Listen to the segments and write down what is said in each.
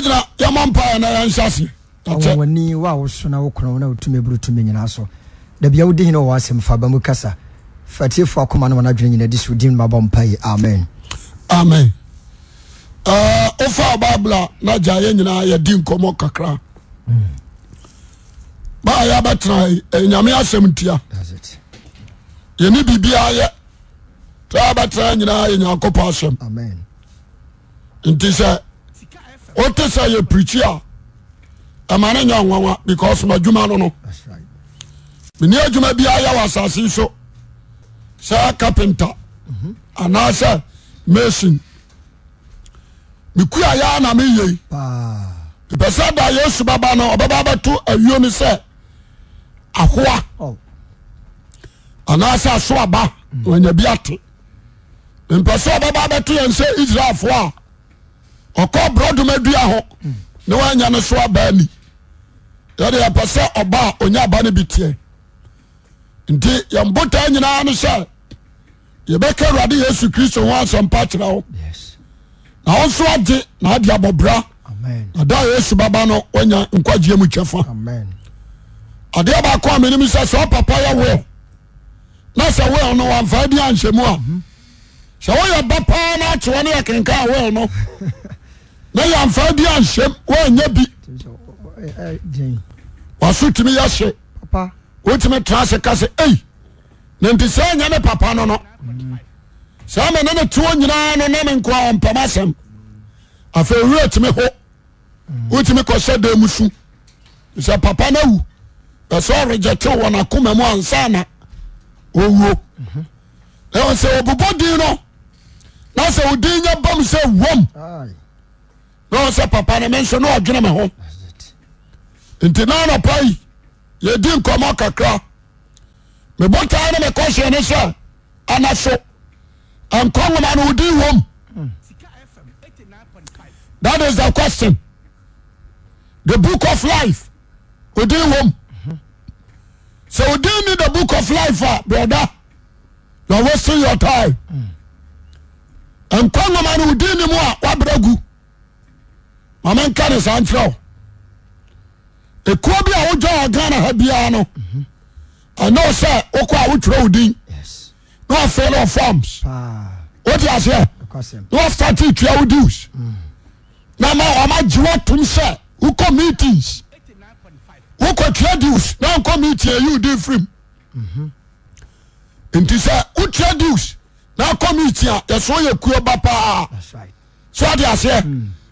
yɛgyina yɛma mpa ɛna yɛnhyɛ ase ɔwɔwɔni wo a na wo korɔ na wotumi buru tumi nyinaa so dabia wode hene wɔ asɛm fa ba mu kasa fatiefo akoma no wɔnadwene nyina de so wodim mabɔ mpa yi amen amen wofa eh, uh, bible a na gya yɛ nyinaa yɛdi nkɔmmɔ kakra mm. ba yɛabɛtena eh, nyame asɛm ntia yɛne biribiaa yɛ sɛ yɛbɛtena nyinaa yɛ nyankopɔn asɛm nti sɛ wote sɛ yɛ prikyi a ɛma ne nyɛ wawa because maadwuma no no meni adwuma biaa yɛwɔ asase yi so sɛ karpenta mm-hmm. anaasɛ mason mekua yɛa nameyei pɛ sɛ da yesu bɛba no ɔbɛba bɛto awio n sɛ ahoa oh. anaasɛ aso aba anyabi mm. ate mpɛ sɛ ɔbɛba bɛto yɛm sɛ israelfoɔa ɔkɔ borɔdom adua ho ne waanya no so abaa ni yɛde yɛpɛ sɛ ɔba a onya aba no bi teɛ nti yɛmbotaa nyinaa no sɛ yɛbɛka awurade yesu kristo ho asɛmpa kyerɛ wo na wo nso agye na ade abɔbra na da yesu baba no wanya nkwagyeɛ mu kyɛfa adeɛ baako a menim sɛ sɛ ɔpapa yɛ will na sɛ will no wamfa adi anhyɛ a mhm. sɛ woyɛ ba paa no akyeɛ no yɛkenka a will no na yɛ amfa bi anhyɛm woanya bi ya tumi wotumi tra se ka sɛ ei na nti sɛ nyɛ ne papa no no saa ma ne ne tewo nyinaa no ne me nkoa ɔmpam asɛm afei wura tumi ho wotumi kɔhyɛ da mu su sɛ papa no awu ɛsɛ ɔregyɛtew wɔ n'akoma mu ansa na owuo ɛwɔ sɛ wɔbobɔ din na sɛ wo din nyɛ bam sɛ ne ɔ sɛ papa ne me nso ne ɔdwene me ho nti na nɔpa yi yɛdi nkɔmmɔ kakra mebo taa ne mekɔ heɛne sɛ anaso nknwoma nowodin wm that is the question the book of life odin wm sɛ odinni the book of life a beada yɔwɔstl yo tienoa noinmu mama nka ne saa nkyerɛ wo ɛkuo bi a wogya wɔ ghana ha biara no ɛne wo sɛ wokɔ a wotwerɛ wo din na wafei no forms wode aseɛ na wastate tua wo dews mm. na ma ɔmagye woatom sɛ wokɔ meetings wokɔ tua dews na nkɔ meeting ayi wo din firim mhm. nti sɛ wotua dews na akɔ meeting a yɛso yɛ kuo ba paa so wode aseɛ mm.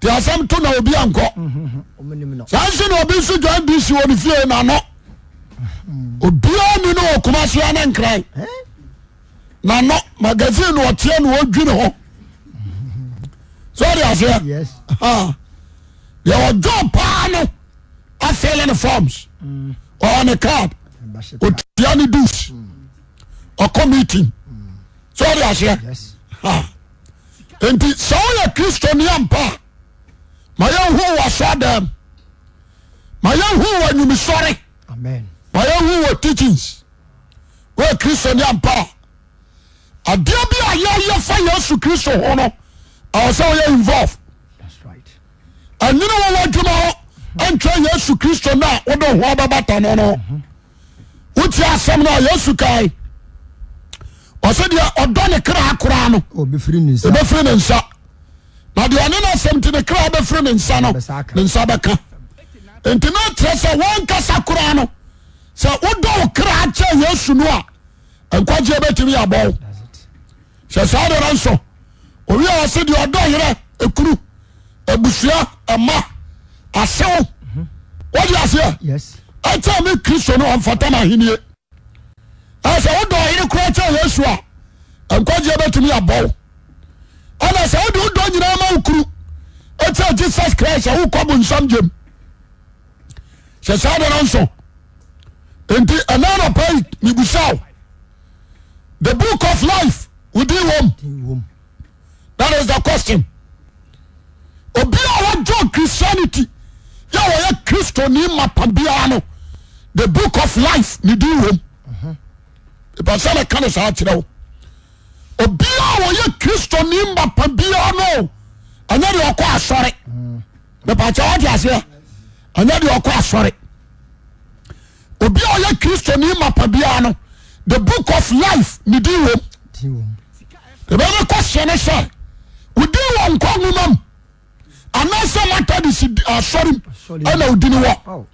tasɛmto naobiankɔ sa se ne ɔbe su won ds ɔnefie nanɔ obia nu no ɔkoma soa ne nkran nanɔ magasinen ɔteɛ noɔdwine hɔ sɛde ɛɛɔdwɔɔ paa no afile no forms ɔne card ɔta ne dus ɔkɔ meeting sɛde ɛsɛ woyɛ kristoneapa ma yɛhuu wɔ sɔ adam ma yɛ huu wɔ anwimsɔre ma yɛhuu wɔ teachins woɛ kristo nne ampa a adeɛ bi a yɛayɛ fa yesu kristo ho no awɔ sɛ woyɛ involve anyino wɔwadwuma antweɛ yesu kristo noa wode ho baba tane no wotua asɛm no a yɛsukae ɔ sɛ deɛ ɔdɔ ne kra koraa nowɔbɛfiri ne nsa nadeɛ ɔne na sɛmti ne kra bɛfiri ne nsa no ne nsa bɛka ntimiterɛ sɛ wɔnkasa koraa no sɛ wodɔo kra kyɛ asu no a nkgye bɛtumiyɛbo ɛ saensɔ seɛɔeɛ buuama seeaseɛ mhm. tame kristo noɔmfataeniwo erekrakyɛs uɛ aasɛ wode wodɔ nyinaa ma wokuru ɛti jisus christ aworka bo nsamgyem sɛ sa de no ns nti ɛnanpai mibusao the book of life wodin hom thatis the question obiaa wogyo christianity yɛwɔyɛ kristone mapa biara no the book of life ne din hombasaɛka nosaakerɛ obia wɔyɛ kristonemapa biaa no anyɛ de ɔkɔ asɔre pacaotaseɛ anyɛ de ɔkɔ asɔre obia ɔyɛ kristonemapa bia no the book of life ne di wom bɛnɛkɔsɛne sɛ wodin wɔ nkɔ numam anasɛmatadisasɔrem uh, anaodini wɔ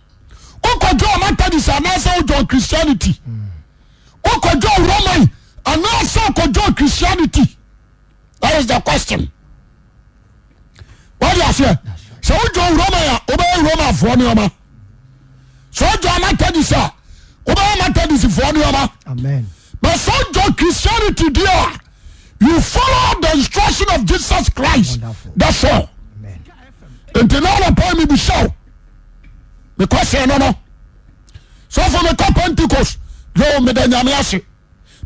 wokɔɔ oh. matadis anasɛ wogyɔ khristianity wokɔyɔ rma sk christianity tais the questom woatds as ut so christianity da yofollo the instruction of jesus christ de so intnnpmebisa mekos nn sofo mek penticost mede nyamese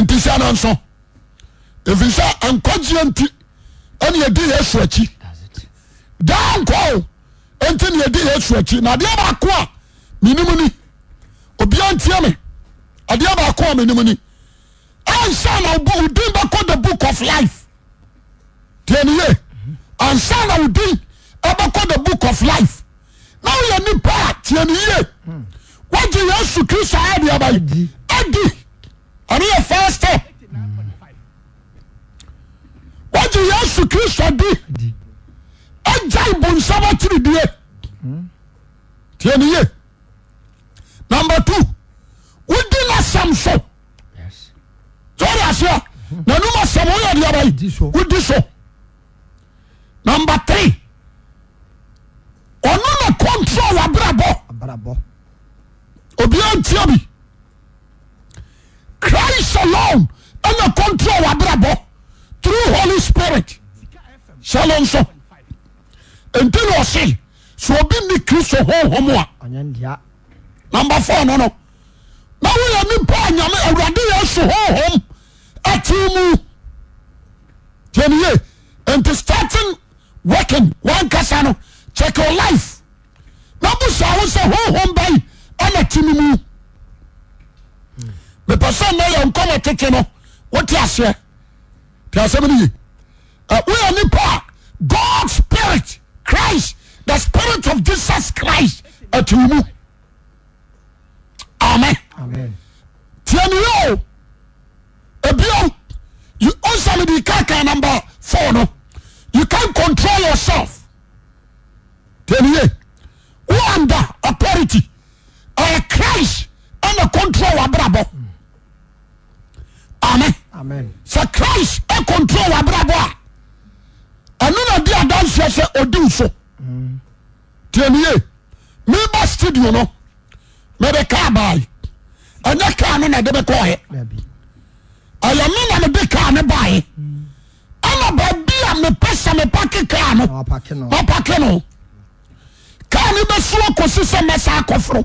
ntisɛne so ifisɛ ankagi nti aneadi yɛasu akyi danko nti nedi ysuakinaadeɛ bakoa menimni obiantieme adeɛ bakoa menm the book of lifeninthe book of life neyfist woye yesu kristo di gyai bonsam atiribie tinye numbe two wodi no asam so oreasea nanom asam oyɛdeɔbai wodi so numba tre ɔno na control wabrabɔ obiti christ alone ɛna contrya wabrabɔ trou holy spirit sɛlonso nti ne ɔseel sɛ ɔbimne kriso hohoma namba fo no no na woyanipaa nyame awuradeɛso hohom atim mu tiniye nti startin workin wonkasa no cyɛkɛ life na bu sa wo sɛ hohom bae ɛna timmu epesonenɛ yonkɔmɔteke no wo teaseɛ tiasɛmno y eanipaa god spirit christ the spirit of jesus christ ati mu amen tianieo abio osamdi kanka numbe fo no you can control yourself tianiye o ande atority a christ anna control wabraɔ ame sɛ crist akontro wa brabɔ a anenadi adansua sɛ odin so tieniye meba studio no mede ka ba ɛnya ka ne na de bekɔe ɛya mena mebi ka ne bae anaba bia mepesɛ mepake ka nomapake no ka ne besua kosi sɛ mesa koforo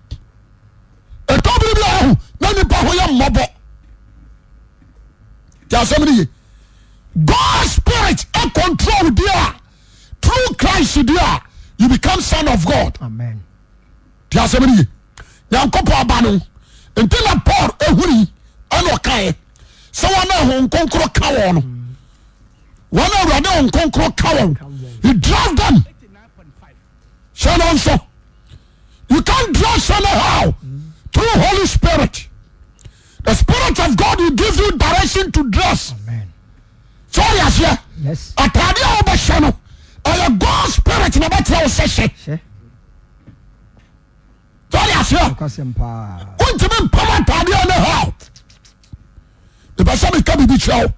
ayɛasɛm y god spirit acontrol di a truuh christ diɛ a you become son of god asɛoy nyankopɔ bao ntina pal huni nka sɛ wnahonnr kaoneeoka draemsɛnonso you can drasɛnh truh holy spirit the spirit of god we give you direction to dress sɛeaseɛ atadeɛ wobɛhyɛ no yɛgo spirit na bɛtrɛwosɛhyɛ sɛontimi mpamatadeɛno hw pɛ sɛ meka bibi kyɛwo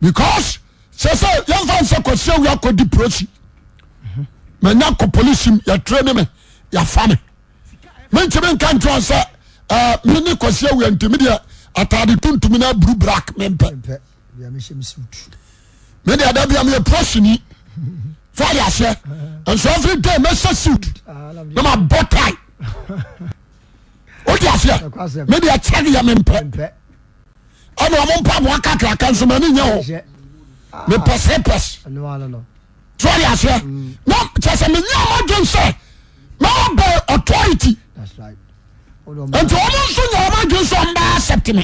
because ɛsɛ yɛmfame sɛkasiwakdipes anya mhm. k polism yatni yafame mentiminkantsɛ mene kose aweante medeɛ atade tontum no bru brak mempɛ mede dabiamyɛpasini foaasɛ soafr de mɛsa stnamabɔ t odasɛ mede mm. akeyɛ mempɛ anamo paboa kakra kansane ya homepɛspɛs oasɛ kɛsɛ menya moden sɛ mea be ɔtɔa ti ntim so nyawm de sɛ a sɛtm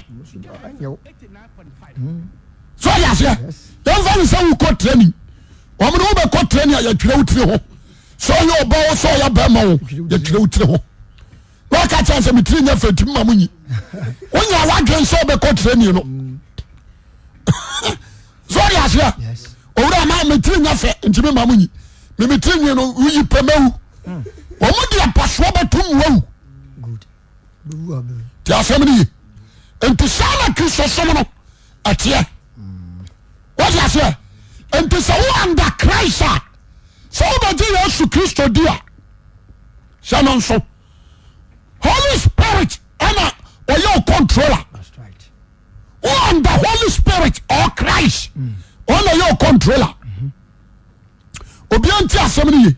ɛɛɛ e nti asɛm no yi nti sɛ na kristo som no ɛteɛ wosaseɛ nti sɛ wo ande christ a sɛ wodagye yesu kristo di a sɛno nso holy spirit ɛna ɔyɛ ɔcontrola wo unde holy spirit o christ ɔna ɔyɛɔcontrola mm-hmm. obiaonti asɛm no yi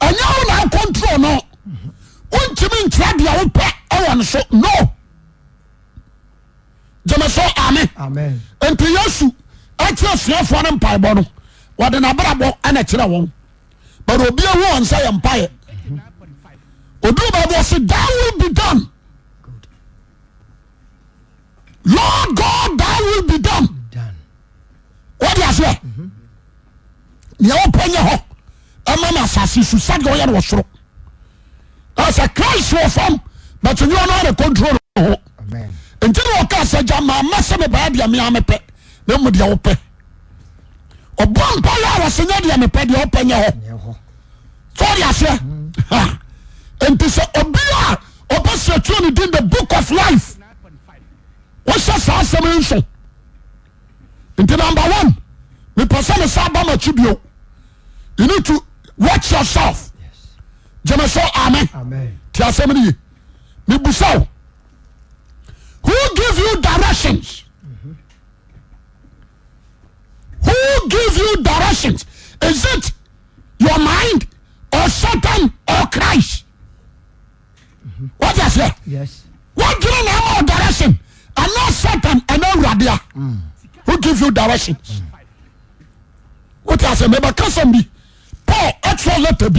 ɛnyɛ wonawocontrol no wontumi nkyerɛ deɛ wopɛ ɛwɔ no so no gyeme so ame nti yesu akyerɛ asuafoɔ no mpaebɔ no wɔde nabrabɔ ɛna kyerɛ wɔn but obi awu wɔn nsa yɛ mpaeɛ oduru baabi ɔsi that will be done lord god that will be done wɔde aseɛ mhm. nea wɔpɛ nyɛ hɔ ɛma no asase su sɛdeɛ ɔyɛ no wɔ soro risuntlaɛy ɔsatn in the book of life hɛ sasɛsonaa e epɛsɛesaaio yose gemeso amen tiasemine mi buso who gives you directions who gives you directions is it your mind or satan or christ whatasa what giving mor direction ad no satan and awuredea who gives you directions hatasmebut cosom paul eto leterb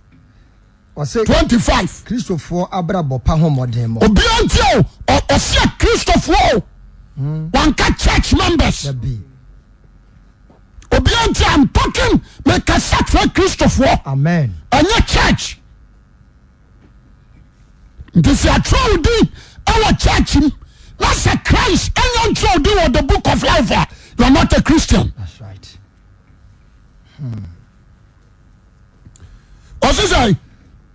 5obiɔnti ɔseɛ christofoɔo woanka church members obiaɔnti a mpɔtem mekasatra christofoɔ ɔnyɛ church nti sɛ atrɛw den wɔ church m nasɛ christ ɛyɛ ntrɛwo den wɔ the book of lofe yoare not a christian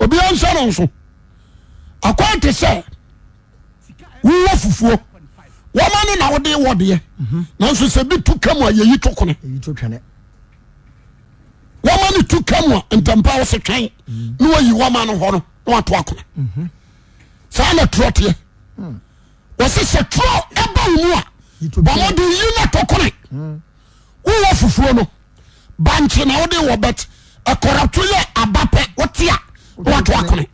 obia nsɛ no nso akaa te sɛ wowɔ fufuo woma no nawode wɔ deɛ nansosɛ bi t kamuayɛyi to oe ma ne t ka mua naoswnsaana toteɛ ɔsesɛ tuo ba mu a bamde yino to kone wowɔ fufuo no banknawodɔkyɛ abap wotea watoakon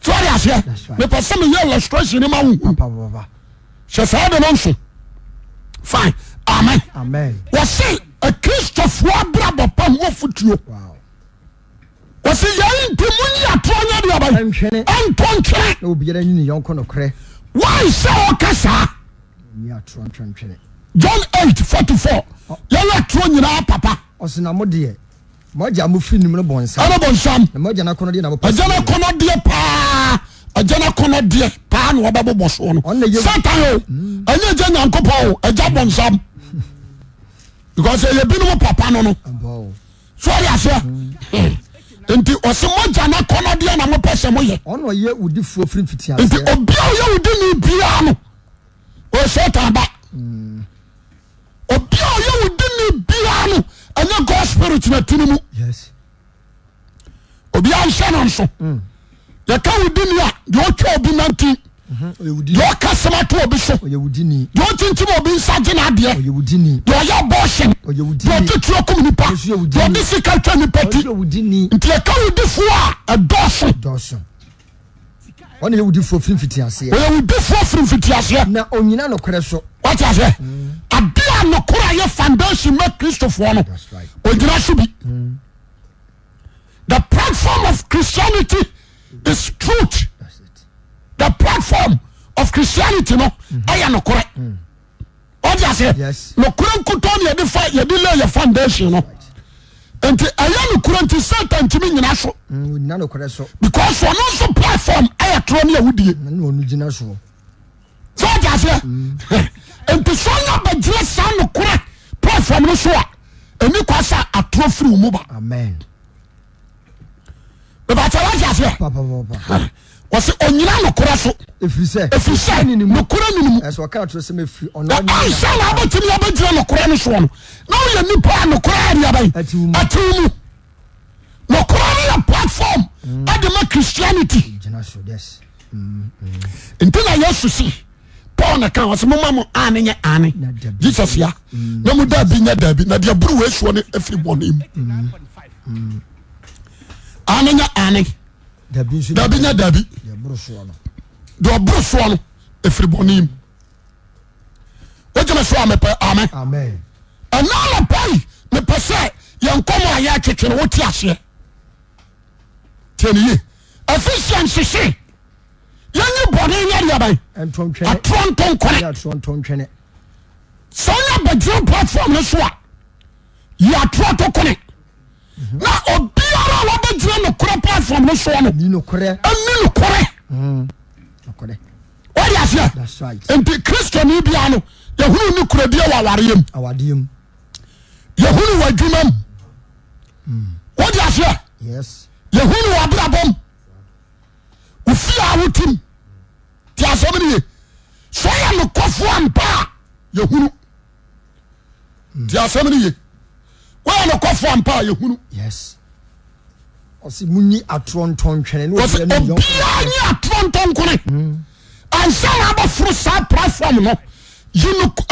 towade aseɛmepɛ sɛmeyɛ ilstratonmawo hɛ sɛ ɛde no nso f amen wɔse akristofoɔ bra bɔ pa ho fotuo ɔse saint munyiatoro nya deba ntɔ ntwere w sɛ woke saa jon 844 yɛyɔ torɔ nyinaa papa oh, mɔgya mm. mo firi nimu no bɔ nsam. ɛna bɔ nsam. na mɔgya na kɔnɔ deɛ na pa. ɛgya na kɔnɔ deɛ paa ɛgya na kɔnɔ deɛ paa na wɔbɛ bɔbɔ soɔ no. ɔn na ye satan o ɛnyɛ ɛgya nyankopɔ o ɛgya bɔ nsam because ɛyɛ binom papa no no sɔɔri aseɛ mm. nti ɔsi mɔgya na kɔnɔ deɛ na mo pɛ mo yɛ. ɔn na ɔyɛ odi fuo firi fiti aseɛ. nti obi a ɔyɛ odi ni biara no o sɛ ɛnyɛ god spirit na tini mu obia nhyɛ no nso mm. yɛka wodini a deɛ ɔtwa obi nanti mm-hmm. deɛ ɔka sɛm to obi so deɛ ɔkyinkyim obi nsa gye no adeɛ deɛ ɔyɛ bɔɔhyɛn deɛ ɔtetuo kom nipa deɛ ɔde sika twa nipa ti nti yɛka wodifoɔ a ɛdɔɔso ɔne yɛwodifoɔ firimfitiaseɛ ɔyɛwodifoɔ firimfitiaseɛ na ɔnyina nokorɛ so atasɛ adea mm. nokora yɛ foundation ma cristofoɔ no ogyina so bi mm. the platform of christianity is trut the platform of christianity no yɛ nokore tas nokor nkuɔdea yɛde le yɛ foundation no nti ɛyɛ nokora nti seta ntimi nyina so mm, because ɔno nso platform yɛ toro no awodie sɛ ntsɛbaire sa nokora platfom no soa mi ka sa ato frimu ba aasɛ yina nokr ok niinoka n ynpnora nokra yɛ platfom dma cristianity pal na ka wase momamo anenye ane jesus ya namu mm. dabi ya dabi na de aburowesuano firi bn mm. ane nya anedabi nya dabi deaboro soano efiri bone im woyeme soamep ame ɛnala pai mepɛ sɛ yankomo ayɛ twetweno wo te aseɛ tnye fisnsese yɛyi bɔneyɛ deɛbae atoro ntokoe sɛne abagyira platfom no soa yɛatorɔ tokone na obiara a wɔbɛgira nokor platfomnsnni nokorede aseɛ nti kristonbiaa no yun korai wware yuuwdwuaɛrae ti asɛmneye so yɛ nokofoa mpa a yehunu ti asɛmne ye wyɛnokfoa mpa a yhunuobia ye atoro ntonkrone ansane aboforo saa prafam no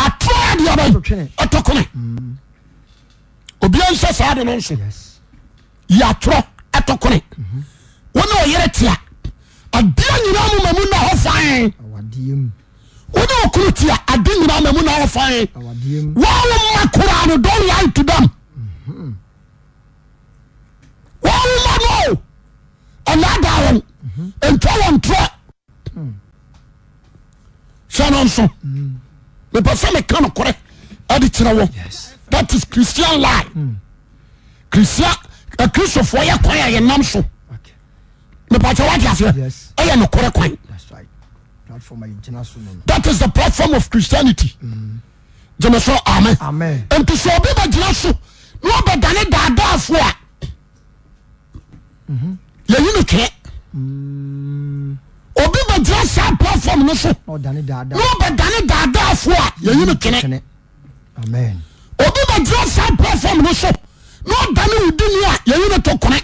atroadeabatokoe hmm. obia nso saa de no nso yatoro tokroe hmm. woneyertia adea nyina mo ma mu na hɔ fa wone kono tia ade nyinamamnah fa woma kra no dny to am ɔwoma mhm. no anaa a ntor sɛnonso epɛ sɛ meka nokorɛ ade kerɛ wɔ tatis christian likristofoɔ hmm. eh, yɛkwanyɛn yɛnok atis e platfo of christianity enso nsɛ obi bagina so na bdane daadafoa yino tene oibgina sa platonadan dadafoa no en obibagyina sa patomnna danodinoa yino tokone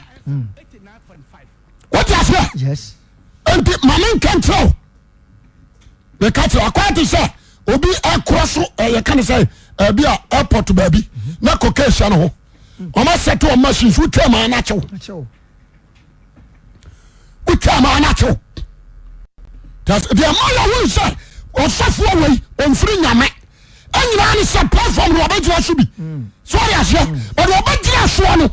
ti aseɛ nti mame nkɛnkyerɛw meka kyerɛ akɔa te sɛ obi akorɔ so yɛka ne sɛ abi a airport baabi mhm. na kɔka ahyia no ho mhm. ɔma to ɔma sin so wotwa maa no akyew wotwa maa no akyew deɛ mala won sɛ ɔsɔfoɔ wei ɔmfiri nyame anyinaa ne sɛ platform no wɔbɛgyina so bi mm. sɛ ɔre aseɛ bɛde mm. wɔbɛgyina soɔ no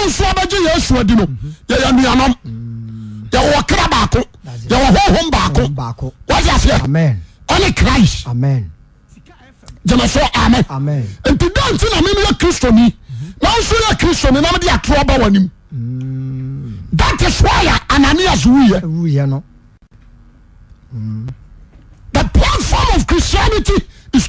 uera ɛcris asonisoɛiais w ananiase platfom of christianity is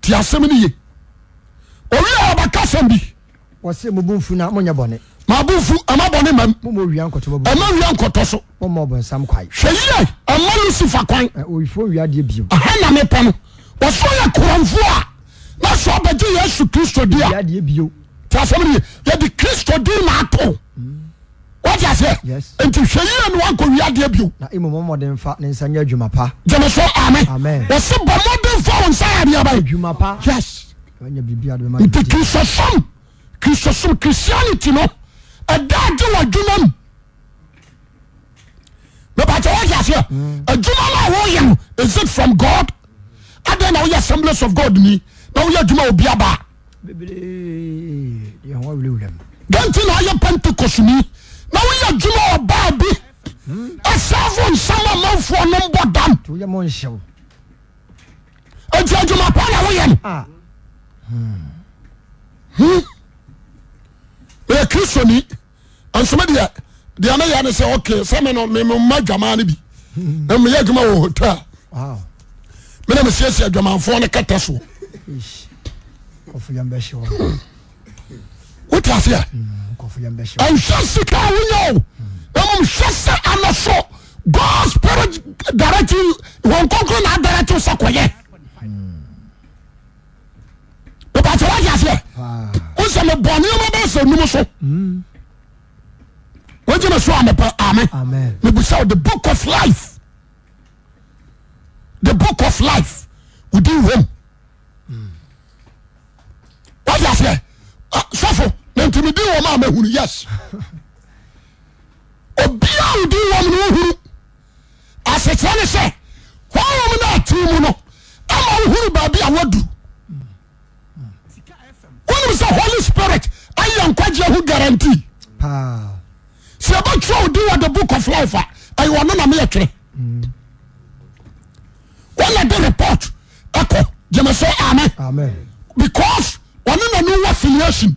ti asɛm eh, no ye owia wɔbaka sam bi wɔse mubomfu no moyɛ bɔne mabfu ama bɔne amaia nktɔ sosa hwɛyie amanesi fa kwon hanamepɔno ɔso yɛ korɔmfoɔ a na so abɛgye yesu kristo de a t asɛm noye yɛde kristo di maatoo sɛwnunwdense bɔ mɔdmfnsnrsoorsoso christianity no ɛdagewo adwuma nuɛe seɛ mm. adwua n awoyn isit from god adena woyɛ assemblance of god ni na woyɛ adwuma biaba gantina ayɛ pentecostn nawoyɛ guma o babe asɛfo nsam amafoɔnombo dam ati ajuma paanawoyɛn mene kristoni nsomɛ deame yane sɛ ok sɛmma dwamane bi meyɛ dwuma wohota mene mesiesia adwamanfo ne ketɛ soɔ wotaasia nse sika wuy emo sese anesu god spirit garati nconcrona darati osa koye pobataro viase oseme bon omo bese num so ojene osu anep ame mebu seuo the book f life the book of life wodi om afiase sof ntimbi wɔma amahuru yes obia wodi wɔ me no wohuru asekyeɛ ne sɛ hɔwom no atim mu no ama wohuru baabi awodu wonem sɛ holy spirit ayɛnkagyea ho guarantee sɛ bɛtwerɛ wodi wo the book of lifa aywɔne nameyɛ twerɛ wɔna de report akɔ gyamasɛ ame because ɔne nano wa finiasim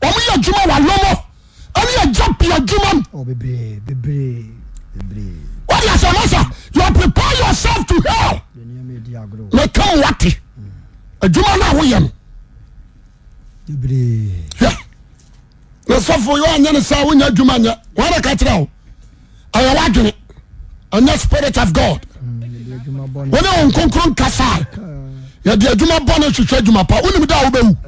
wọ́n mu yẹ adwuma wà lọ́mọ ẹni yẹ jẹ́ pì adwuma mu. bebree bebree bebree. wọ́n di àṣà lọ́sà you are prepare yourself to hell. lè ká wá ti adwuma hmm. náà wọ́n yẹ no. bebree. yẹ ní sọ́fún yóò nyẹ́ ní sáà wọ́n nyẹ́ adwuma nyẹ́ wọ́n rẹ̀ ká kyerẹ́ o ẹ̀yẹ wá dwene ẹ̀nyẹ́ spirit of God hmm, wọ́n ní wọn kónkón kásá yẹ di adwuma bọ́ ní ṣiṣẹ́ adwuma pa wọ́n ní mi dá àwọn bẹ́ẹ̀ wù.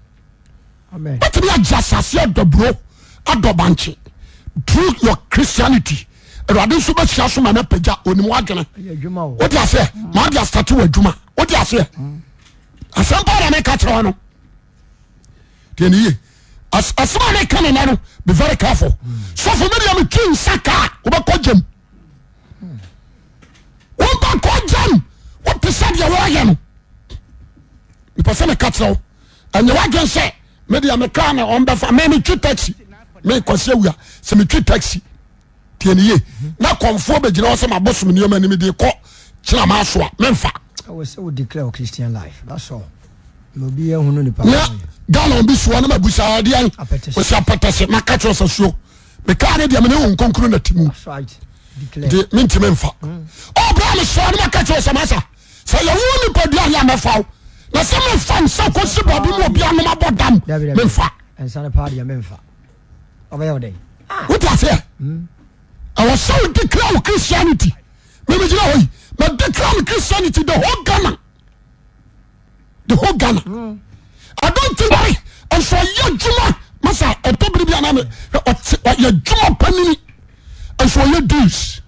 matimi aje asase adabro adɔ bankhe tr yor christianity de nsobasia soanpaanukobɛkɔ am wopaka jam wo pisadɛ woyɛno psɛne ka terɛo yawoaen se medmekan eame i tax ekos mei xko s sspeteka seska sese n padfa nase mefanse kosebob mobi omabo dam mefawetafi wosoo dikra christianity meir dkr christianity te e whl gana dnti are nso ya juma s tobiri bya juma pamini nso ye dus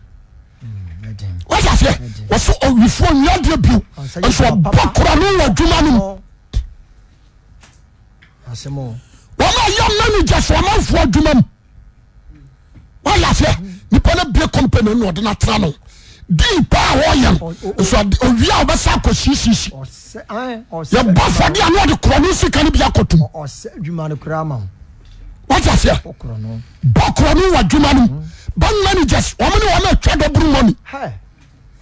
tf wɔfo ɔwifoɔ nyadeɛ bio nso ɔbɔ kora no wɔ adwuma no mu wɔn a yɛ manager so ɔmanfoɔ adwuma mu wɔyɛ afɛ nipa no bie company no ɔde n'atra no dii paa wɔyɛ no nso ɔwia a ɔbɛsa akɔ sisisi yɛbɔ afɔde a no ɔde korɔ no sika no bi akɔtum wɔte aseɛ bɔ korɔ no wɔ adwuma no mu bank managers wɔn ne wɔn a atwa dɔburu mɔni.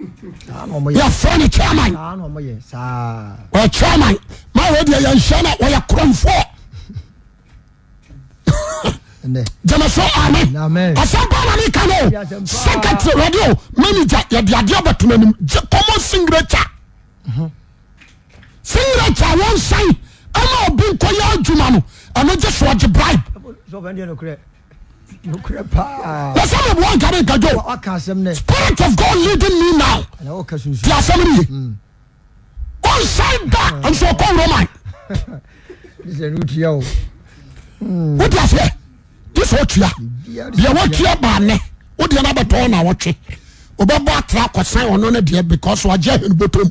yɛfone chaman yɛ chaman mahɔ deɛ yɛnhyɛ no wɔyɛ korɔnfoɔ gyamɛso ame asɛ bama neka n secet radio managa yɛdeadeɛ batomanim gye kɔmɔ singrecua mm-hmm. singratua wɔsan ɛma obinkɔ yɛ adwuma no ɛno gye soɔgye bribe nokorɛ paa wɔsɛ yɛ boa nkare spirit of god leading me now ɛna wɔka sunsun ti asɛm ne ye ɔnsan da nso ɔkɔ wuro man sɛ ne wotua o wodi aseɛ gye sɛ ɔtua deɛ wɔtua baanɛ wodeɛ no abɛtɔɔ na wɔtwe wobɛbɔ atra akɔsan ɔno no deɛ because wagye ahenu bɔtɔm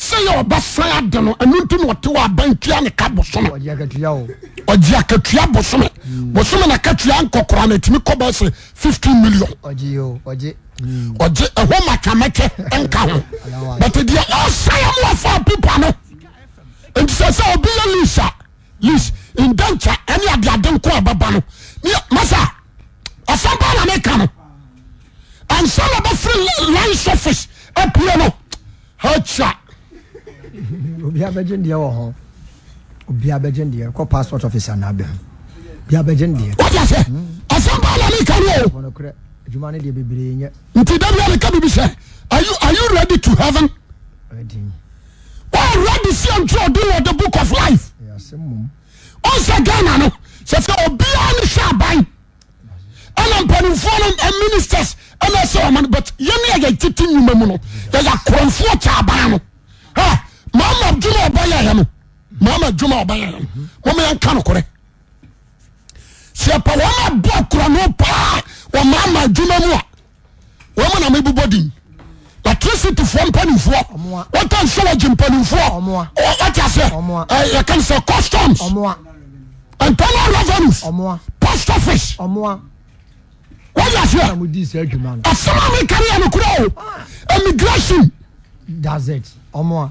sɛ yɛ ɔbɛsan ade no ɛno nti na ɔte wɔ abantua ne ka bosome ɔgye akatua bosome bosome na katua nkɔkora no ɛtumi kɔ bɛɛ sɛ fifteen million ɔgye ɛhɔ matwamɛkyɛ nka ho but deɛ ɔsɛe mo ɔfa pipa no nti sɛ sɛ obi yɛ lease a lease ndɛnkya ɛne adeade nko ɛbɛba no masa ɔsɛmpa na meka no ansa na bɛfiri line surface apue no hakyia obi abɛgye deɛ wɔ ho obi abɛgye deɛ kɔ passport office anaa bɛ obi abɛgye deɛ. wọ́n ti ase asan bá lọ́ọ́ ní ìkàwé o. adwuma ne deɛ bebree nyɛ. nti dabi a nìkan bíbí sɛ are you are you ready to heaven. wọ́n ready sí ọ̀n tí o dín wọ́n the book of life. ó ń sẹ Ghana no sẹfẹ Obi ni sẹ aban ɛna mpanimfoɔ no ministers ɛna ɛsɛ ɔmo but yɛn ni yɛ yɛ titi nnwuma mu no yɛ yɛ akoranfoɔ kyɛ aban no mama dwuma ɔbɛyɛ yɛ no mama dwuma ɔbɛyɛ yɛ no wɔn yɛn ka no korɛ sɛ pa wɔn abɔ akora no paa wɔ mama dwuma mu a wɔn nam ebubɔ din electricity fɔ mpanimfoɔ water nsɛwɔgye mpanimfoɔ wɔte aseɛ eh, yɛka no sɛ customs internal revenues post office wɔte aseɛ asɛm a mekareɛ no korɛ o immigration ah.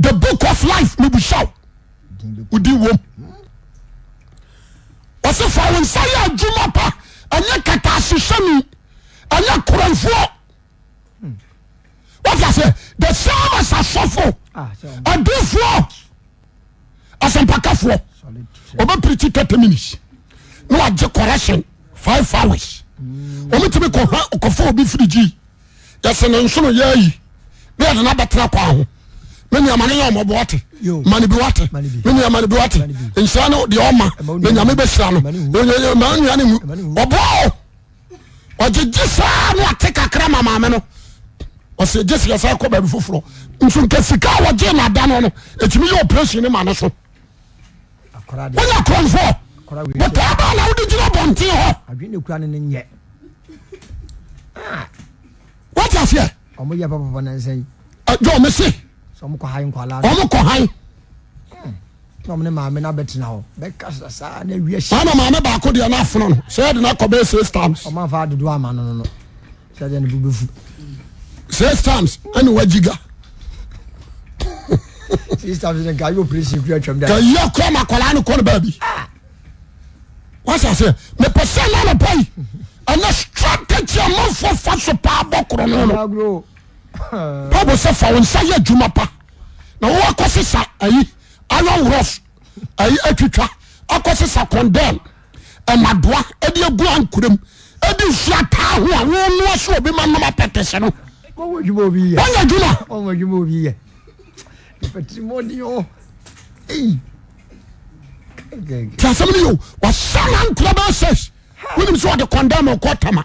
the book of life ni busaw odi wom ɔsi fawo nsa yɛ adwuma pa ɛnyɛ kata asesɛmi ɛnyɛ kuranfoɔ wɔfi ase the same as asɔfo adiifoɔ ah, asampakafoɔ ɔbɛ pirikyi thirty minutes na wagye correction five hours wɔn ti mi kɔfɔ obi firiji yɛsɛ ne nsono yɛ ayi ne yɛ de na bɛtena kwan ho me amani ne yɛ ɔmɔbɔ ɔte mane bi wate me nyama ne bi wate nhyira ne deɛ ɔma me nyame bɛhyira no ma nnua ne ngu ɔbɔo ɔgyegye saa ne ate kakra ma maame no ɔsɛ gye sɛ yɛsɛ kɔ baabi foforɔ nso nka sika a wɔgye naada no no ɛtumi yɛ operation ne ma ne so wonyɛ korɔmfoɔ bɔtaa baa na wode gyina bɔnten hɔ wote aseɛ jɔ me se ɔmo kɔ han nkwalaa ɔmo kɔ han hmm. na ɔmo ne maame na bɛtena hɔ bɛkasa saa na ewia si. ɔmo maame baako deɛ n'afono no sɛ yɛde n'akɔ bɛyɛ six times. ɔmo afa dodo ama no no sɛ yɛde ne bu bɛ fu. six times ɛna wagyi ga. six times ne nka yɛ operation kura twɛm da. ka yi akura ma akwaraa ne kɔ ne baabi. wasa se mepɛ sɛ na ne pa yi ɛna strategy a manfoɔ fa so paa bɔ korɔ no no. ab sɛ fa onsa yɛ adwuma pa na wowakɔ se sa ayi alorus ai atwitwa akɔse sa kondem amadoa ɛde agua nkuram ɛde suatahoa wonoa seob ma namapɛtesɛ no yɛ adwumatiasɛm no yo wsamankras hnm sɛ de condem kta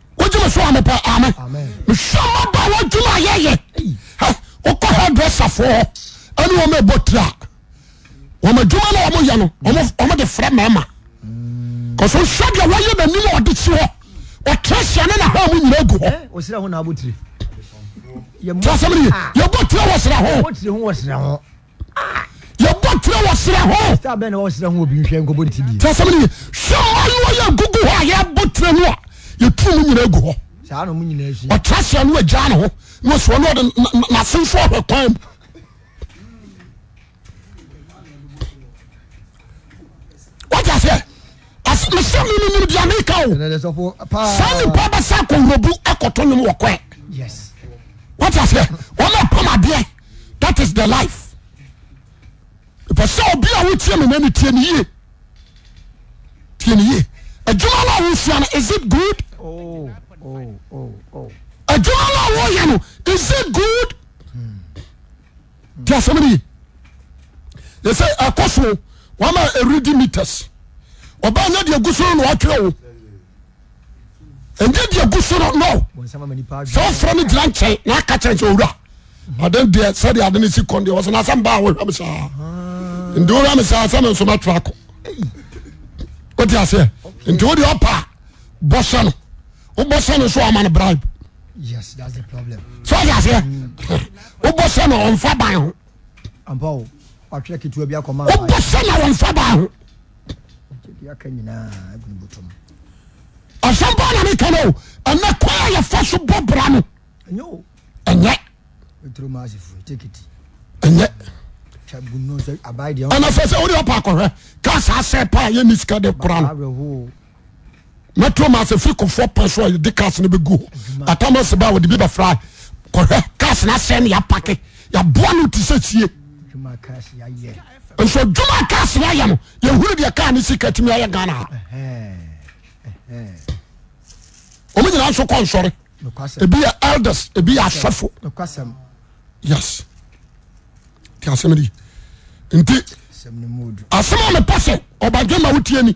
wogyeme so amepɛ ame mesɛma ba wɔdwuma yɛyɛ wokɔ hɔ drɛsafoɔ hɔ ɛne wɔma ɛbɔ tiri a wɔma adwuma no ɔmoyɛ no ɔmode frɛ mmarima kɔsɛ wohwɛ deɛ wɔyɛ n'anim a ɔde si hɔ ɔtrɛ hyɛ ne naha mu nyina gu hɔ tasɛmne yɛbɔ tiri wɔ serɛ ho yɛbɔ tiri wɔ serɛ ho tasɛmne hwɛ ma yɛ gugu hɔ a yɛbɔ tiri no a yɛtu mu nyina agu hɔ ɔtra sea no agyaa ne ho na ɔsoɔ ne ɔde nasemfo ɔhwɛ kwan mu wagya sɛ mesɛ menenum dea meka o saa nipa bɛsɛ akɔwurabu akɔto nom wɔ kɔɛ wagya sɛ wɔma pam adeɛ that is the life pɛ sɛ obi a wotie me na ne tie ne yie tie ne yie adwuma no a wosua no is it good adwuma no a wɔyɛ no is it good ti asɛm no yi yɛsɛ ɛkɔ so wama ɛredi meters ɔbaa nyɛ deɛ gu so no na watwerɛ wo ɛnyɛ deɛ gu so no no sɛ wofrɛ no gyina nkyɛn na aka kyerɛ nkyɛ owura ɔden deɛ sɛdeɛ ade no si kɔn deɛ wɔsɛ nasɛm baa wohwɛ me saa nti wowura me saa sɛ me nso mɛtoa kɔ aseɛ nti wode ɔpa bɔhyɛ no wobɔ sɛ no so bribe yes that's the problem so ɔde aseɛ wobɔ sɛ no ɔmfa ban um ampa o watwerɛ ketewa bi akɔma wobɔ sɛ no ɔmfa ban ho aka nyinaa agunu botom asɛmpa na meka no ɛnɛ kwa a yɛfa so bɔ bra no ɛnyɛ ɛnyɛ ɛnyɛ ɛna sɛ sɛ wode ɔpa akɔhwɛ ka saa sɛ pa a yɛni sika de bra mts fri kof pesasasnsepake yaboano tise sie so juma kaseayemo yehri de kane si ke timiaye gana omeyina so ko nsore ebi ye elders ebi ya asefo asemne pose obajoma wo tieni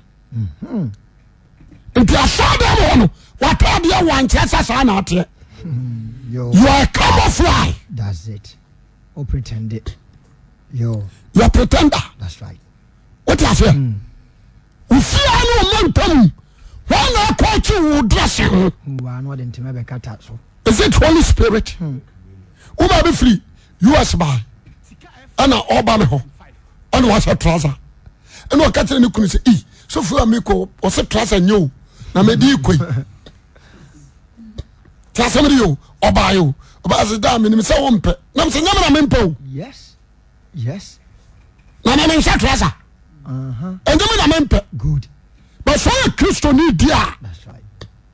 Mm-hmm. nti asaa da m hɔ no watradeɛ woankyeɛ sa saa naateɛ youa mm-hmm. camo fri yo pretende woteaseɛ wofia no oma npamum hanaakɔkyi wo dresse ho isit holy spirit mm. woma bɛfri us ba ɛna ɔbane h ɛnawasɛ trasa ɛne ka tera no kun sɛ sofuamiko ose tese ye na medikoi tiasemereyo ba bsdamensewope sye menmepe nmese trasa yemenamepe uh-huh. beso kristo ne diafnteno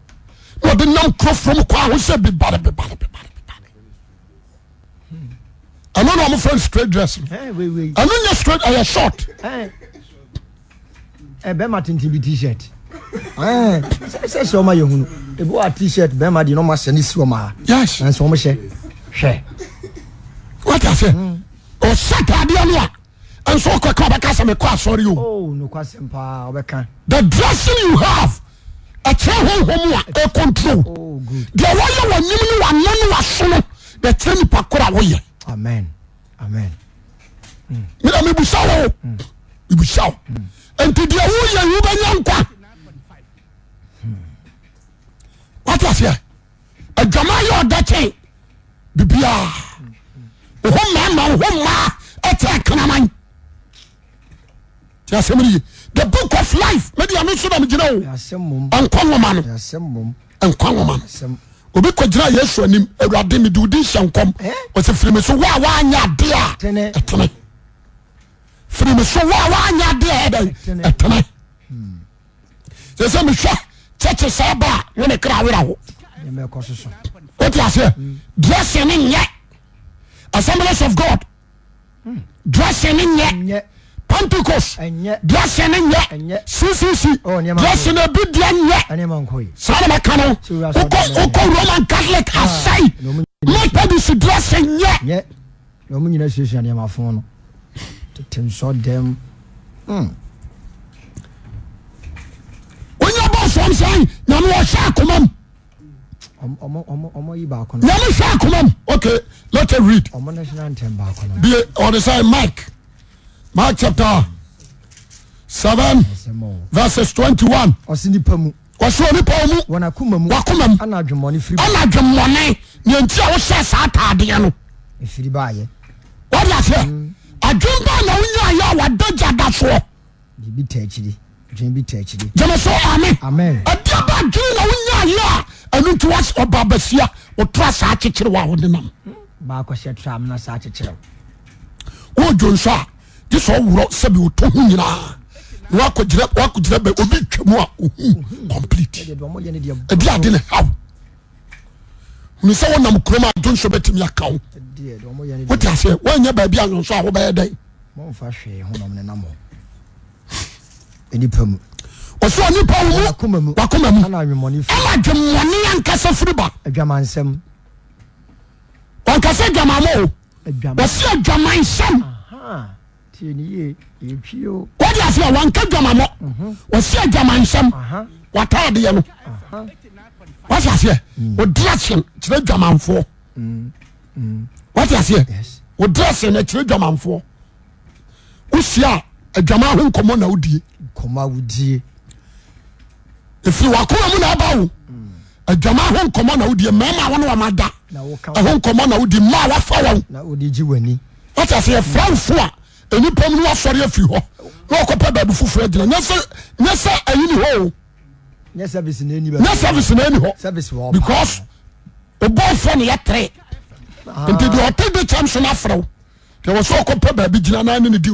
wɔde nam kuro from kɔ aho sɛ bibare bibare bibare ɛno na ɔmo fɛn straight dress no ɛno nyɛ straight ɛyɛ short. ɛbɛrima eh. eh, tenten bi t-shirt sɛ sɛ ɔma yɛ hunu ebi wa t-shirt bɛrima deɛ n'ɔma hyɛ ne Yes. ɔma ha nanso ɔmo hyɛ hwɛ. wati ase ɔhyɛ ataadeɛ no a ɛnso ɔkɔ ka ɔbɛka sɛ mekɔ asɔre o. o nukwasɛm paa ɔbɛka. the dressing you have. ɛkye hohoma acontrol deɛ woyɛ wanim hmm. hmm. no wana no wasono dɛtera nipa kra woyɛ medemebusao a nti deɛ woye wubɛnyankwa watasia agama yɛ ode kyen bibia homama homa tɛ krama tasɛirey the book of life mɛdeamo sonamgyinao nka oannkaoma obɛk gyinayɛasnim wrade miduwdehɛ nkm s firimso wwnyadea frim so wawayadea ten ssɛmehwɛ kce sɛbaa wenekra wera howtse dressn ne hmm. yɛ assemblas of god hmm. dressnne yɛ ds neye ssssn obida ye sane mekanko roman catholic asi mddes ye ye bo soms mekmamekmaklet edesmike mark chapter seven verses twenty one. ɔsi nipa mu. ɔsi onipa mu. wɔn akoma mu. wakoma mu. ɛna adwumɔni firi ba. ɛna adwumɔni yɛn ti a wohyɛ saa ataadeɛ no. efiri ba ayɛ. wɔde aseɛ mm. adwum ba na wonya ayɛ a wada gya da soɔ. biribi tɛ akyiri dwom bi tɛ akyiri. jɛnɛso amen. amen. ɛdi ba adwum na wonya ayɛ a ɛnu ti wa ɔba abasia ɔtura saa akyekyere wa ɔde nam. baako hyɛ tura amina saa akyekyere. o jo nso a. ɛ ɛgiawa peteaide n hsɛ wonam kom ado s bɛtumiakawosnyɛ baabi aosowoɛɛɛsɛnipa mmuamu ɛma dwemɔne ankasa foro ba nkasa adwamamuo ɔsɛ adwamansɛm wode aseɛ wanka dwamamɔ ɔseɛ mhm. dwama nsɛm wataadeɛ no wate aseɛ ɔdra sen kyerɛ dwamanfoɔ wate aseɛ ɔdra sen na kyerɛ dwamanfoɔ wosia a adwama ho nkɔmmɔ na wodie ɛfiri wakoma mu na mm. e wo adwama ho nkɔmmɔ na wodie mmarima wo ne wamada ɛho nkɔmmɔ na wodi ma wafa wɔn wate aseɛ franfo a nipom ne wasɔre fi ho nkpa babi fufr inaes n h sevie n heus bofonytrkem sonofer wsɛkpa babi inanndsk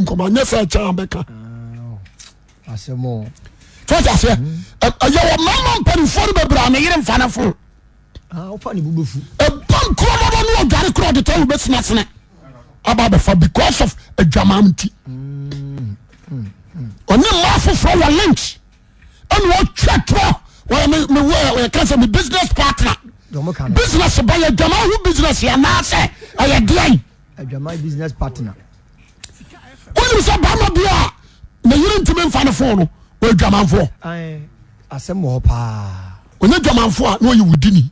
erf bbɛfabecausefadwamamti ɔne mma foforɔ wɔ lynk ɛneɔtwɛ torɔ yɛka sɛ mebusiness partnar business ba adwama ho business anaasɛ ɛyɛ deai wonum sɛ bama bi a ne yerentimi mfano fo no adwamanfoɔndwamafoɔ naɔyɛ wdin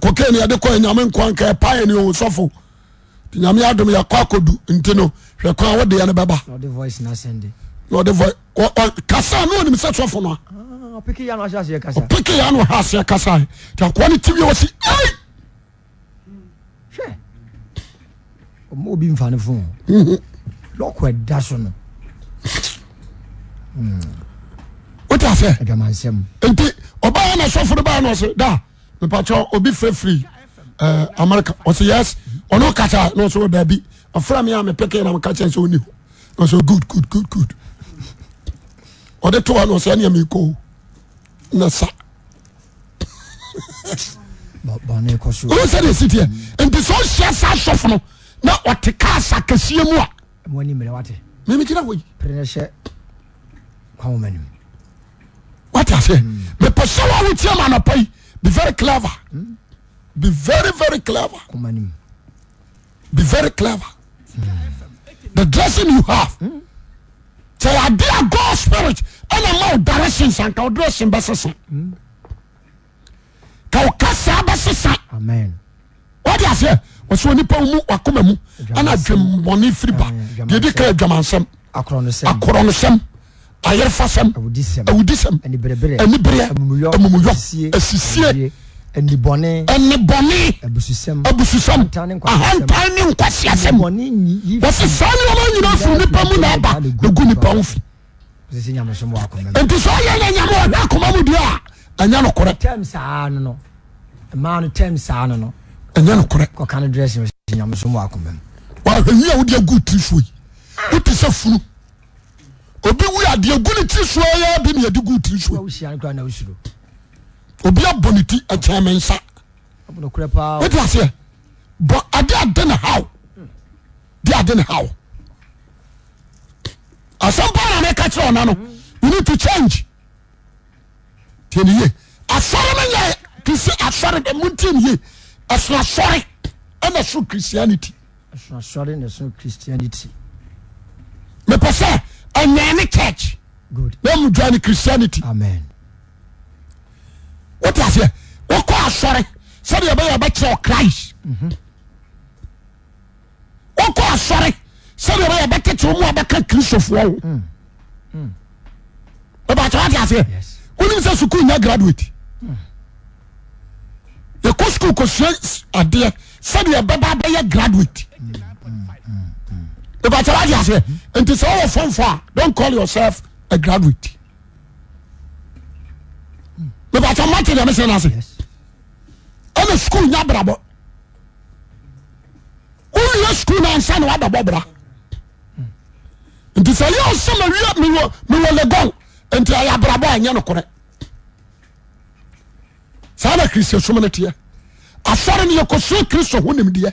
kokeniyade ko nyame koan kaapaene you sufo ti yame adom yakɔ ako du nti no hwɛ koa wodeɛno bɛbakasa no onim sɛ sofo noa ah, opeke ya no haaseɛ kasa takoane tiwiwose e wetesɛ mhm. hmm. nti ɔbaana sofo no baanse da mepatɛ obi fɛ un eh, america ɔsɛ yes ɔno kasa na ɔsɛ baabi ɔfra me a mepɛkɛ na meka kyɛ sɛ ɔni On ɔsɛ good good good good ɔde no ɔsɛ nea meekɔ na sa on sẹ́ni èsì tiẹ̀ nti sọ ṣẹ́ On sọ́fù no mu a. be very clever the dressing you hav sade a go spirit anama odarsinsa kadrsen bɛssan kaokasaa bɛsesan ode asɛ sɛo nipa womu wakomamu ana dwebne fribadeedikra adwamasm krnos ayerefasɛm wdsm anibramu asisie nebɔne abususamaantane nkwasiasɛm ose sa neoma yena fo nepa mu naba agu nipamofo nti so yɛne nyame wae akoma mu duo a ɛnyankwode gutri wosfu obi wea de gune tiri sua y b neadeguntiri suo obi abɔne ti akyemensadenhdeadene ha asamponmka kerɛ nano oned to change asre my asremtin ason asɔre naso christianityps ɛnyane church emdane christianity wote aseɛ wokɔ asɔre sɛde bɛyɛɔbɛkyerɛ crist mhm. wokɔ asɔre sɛde bɛyɛbɛtitwo mu abɛka khristofoɔ o mm. mm. batwate aseɛ wonim sɛ sukuu nya graduate yɛko skool kosia adeɛ sɛdeɛ bɛbabɛyɛ graduate mm. mebatawat as inti swowo fomfo a don call yourself a graduate mebatamatede mesense ne skool ya brabo owie skool na nsana wadabo bra inti sa ye seamelolegon intiaya brabo ayenokore sa na krisa somne te asrenykoso kristo onmdits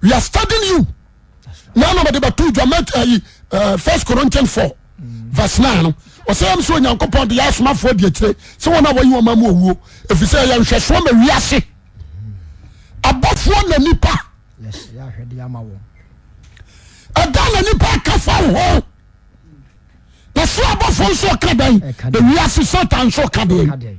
we are studying you now. Number ɔde bɛto dwama ayi first corinthians four verse nine no ɔsɛ yɛn so onyankopɔn de yɛ asomafoɔ de akyire sɛ wɔn a wɔyi wɔn amu owuo efisɛ yɛn hwɛsoɔ mɛ wiase abɔfoɔ na nipa ɛda na nipa akafa wɔ na so abɔfoɔ nso ɔka dan na wiase satan nso ɔka dan.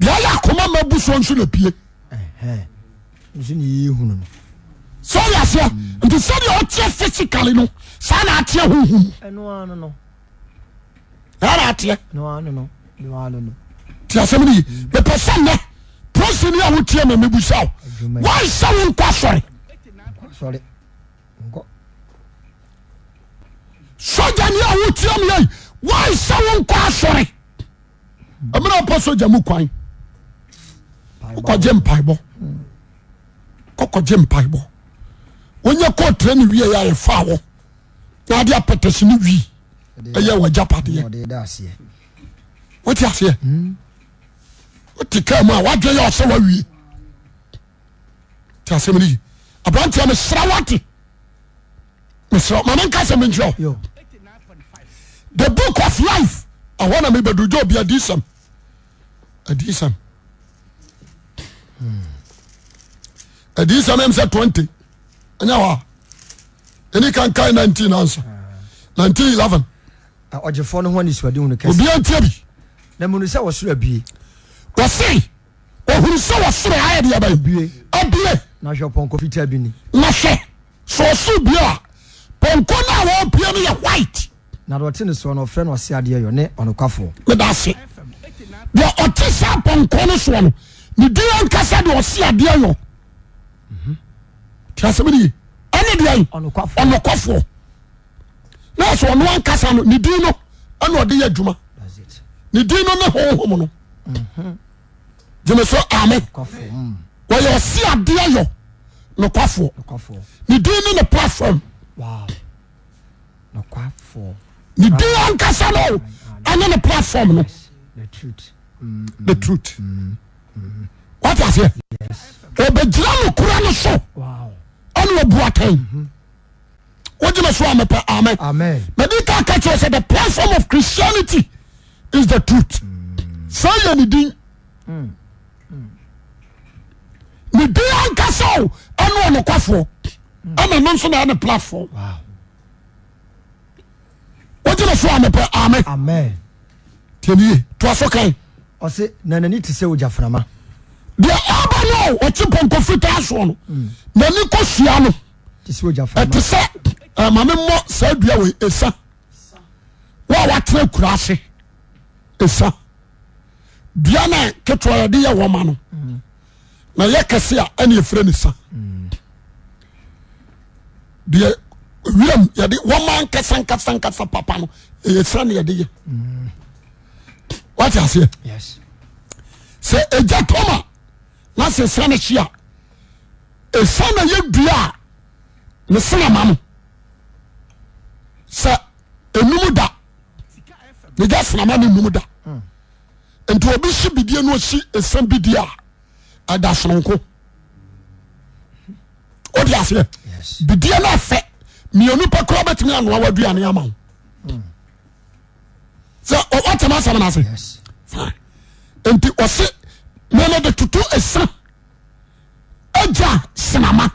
ya koma ma bu soa nso na pie soyasea nti sɛdeɛ ɔteɛ fysicaly no sa naateɛ hohu ntɛ tasɛmnee bepɛ sannɛ prese niaho tiamamebusoo w sɛ wonkɔ asɔre sojane ahotia mue w sɛwonkɔ asɔre ɔmen ɔpɔ soja mu ka koe mpbo woya kotra ne wefawo ade petesene wi yewajapadɛ seaat kas the book of life na d sas ɛdi sɛ mɛm sɛ twenty ɛnyɛ hɔ a ɛni kan kan nineteen ansa nineteen eleven. ɔgyefoɔ no ho ne suade hunu kɛsɛ obiaa ntia bi na mmunu sɛ wɔsoro abie wɔse ɔhunu sɛ wɔsoro ayɛ deɛ ba abie abie na hwɛ pɔnkɔ fitaa bi ni na hwɛ sɛ ɔsoro bie a pɔnkɔ no a wɔpie no yɛ white na deɛ ɔte ne soɔ no ɔfrɛ no ɔse adeɛ yɔ ne ɔnokwafoɔ meda ase deɛ ɔte saa pɔnkɔ no soɔ no nedin ankasa deɛ ɔseadeɛ yɔ tasɛmine ɛnedeɛ ɔnokfoɔ na s ɔnonkasa no ne din no ɛnaɔde yɛadwuma ne din no ne hohomno demeso mm-hmm. ame ɔyɛ ɔseadeɛyɔ nokwafoɔ nedin no ne platfom nedin nkasa no ɛne ne platform no he trut mm-hmm. wate aseɛ ɛbɛgyina no kora no so ɔne ɔbuatan wogyina so amepɛ amen mede ka ka kyerɛ sɛ the platform of christianity is the truth mm. saa yɛ ne din mm. ne din ankasa o ɛne ɔnokwafoɔ ɛna mm. no nso na ɛne platform wogyina so amepɛ amen tianie toa so kan ɔse na n'ani te sɛ ogya deɛ ɔba no ɔkye pɔnkɔ fitaa soɔ no mm. n'ani kɔ sua no ɛte sɛ mame mmɔ saa dua wei ɛsa wa a woatena kura ase ɛsa dua no ketewa yɛde yɛ wɔma no mm. na yɛ kɛse a ɛne yɛfrɛ no sa mm. deɛ wiram yɛde wɔma nkasa nkasa nkasa papa no ɛyɛ sa ne yɛde yɛ wate aseɛ sɛ ɛgya tama na se sia no hye a asia na yɛ dua a ne senama no sɛ ɛnum da ne gya senama no num da nti wobi hye bidie no ɔhyi asian bidie a ada soronko woteaseɛ bidie no afɛ mienupa kora bɛtimi anoa wadua ne ɛma mo So sɛ watam asɛm no ase nti ɔse mene de toto ɛsira agya senama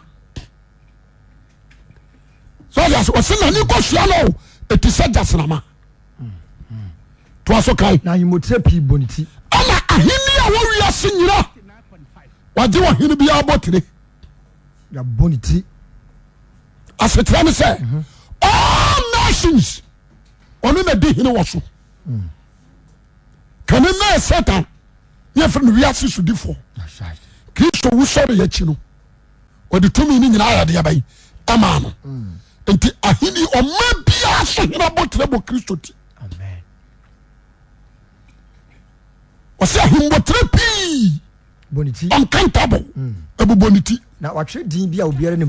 sɛdeɛ sɛ ɔse nani kɔ sua no o ɛti sɛ gya senama toa so kae ana ahenni a wɔwia se nyina wagye wɔhene biara bɔ tire asekyerɛ ne sɛ mhm. all nations ɔno na di hene wɔ so kane na satan nefri no wiase so difoɔ kristo wo sɔreyaakyi no ɔde tumiino nyina ayadeabayi amano mm. nti aheni ɔma biara so hen botera bɔ kristo ti ɔsɛ ahombotera piinkantable abbɔneti mm. ana watwerɛ din bi a obiara nim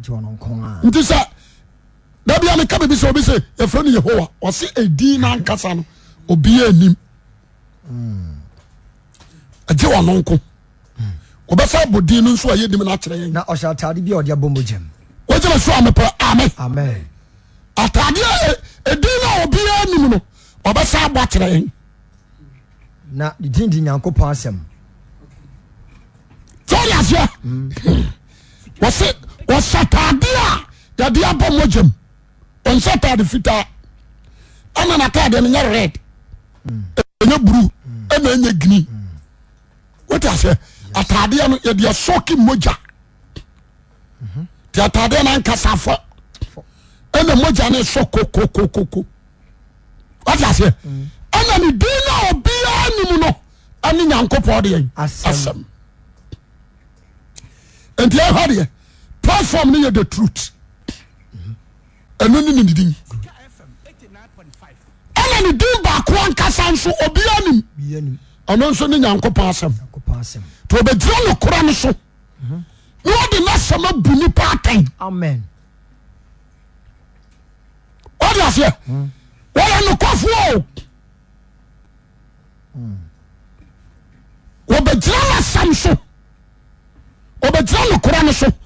nti sɛ dabia no ka bebisɛ obi sɛ yɛfrɛ no yehowa ɔse adin no hmm. nkasa no ɔbiɛ nim ɛgyewɔ no nko wɔbɛsɛ bɔdin no nsoyɛ nim noakyerɛ ɛna ɔhyɛ ataade bia ɔde bɔmɔam wogyeme so a mep ame atade ɛdin e, no a ɔbiɛ nim no ɔbɛsa abɔ akyerɛyɛ na dindi nyankopɔn asɛm sɛne aseɛɔse hmm. ɔsataadea yɛdeabɔ moyam ɔnsɛ tade fitaa anana ataadeɛ no yɛ ered aya bru ɛnaye gni watasɛ atadea no yɛdeasoki mmoya te ataadeano nkasafo ɛna moya ne sɔ koo watasɛ ɛnanedina obia num no ane yankopo deɛsant ɛɛno ɛnɛ ne din baakoa nkasa mso obia nim ano nso ne nyankopɔn asɛm nti wɔbagyina nokora no so mhm. na wɔde mɛsɛma bu nipa atɛn deasɛ mhm. yɛ nokɔfu mhm. bayina nosɛsobgina nokoo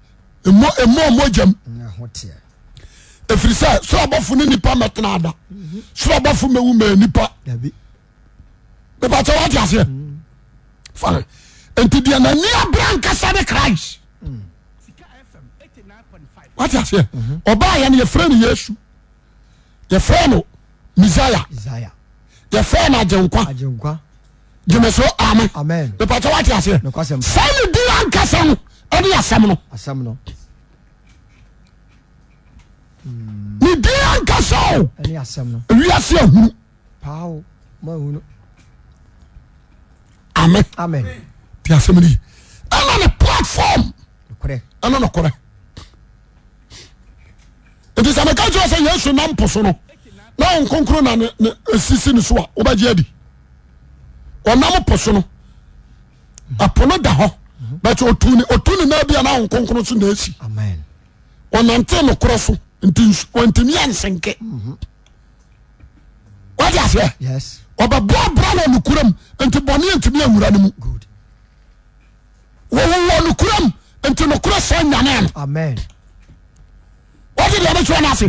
momo gyam ɛfiri sɛ sorabɔ fo no nipa mɛtena ada mhm. sorabɔ fo mewuma nipa mepata waat aseɛ mhm. ntdnniabrɛ nkasa de crissɛ ɔba yɛn yɛfrɛ no yesu yɛfrɛ no misaya yɛfrɛ no agenkwa emeso ettsɛsan diwankasa ɛne asɛm no nedia nkasɛo wiase ahuu ɛnane platform ɛne nokorɛ nti sɛ mɛka tia sɛ yɛsu nampo so no na nkonkro n asisine soa wobɛgye adi nam poso no ɛponodah betotune nabianaokokso nsi onantenokroso ntmiyensne teas bbabrawnkro nt bontimiwuranmu wo nkurom nte nokro soan dentonse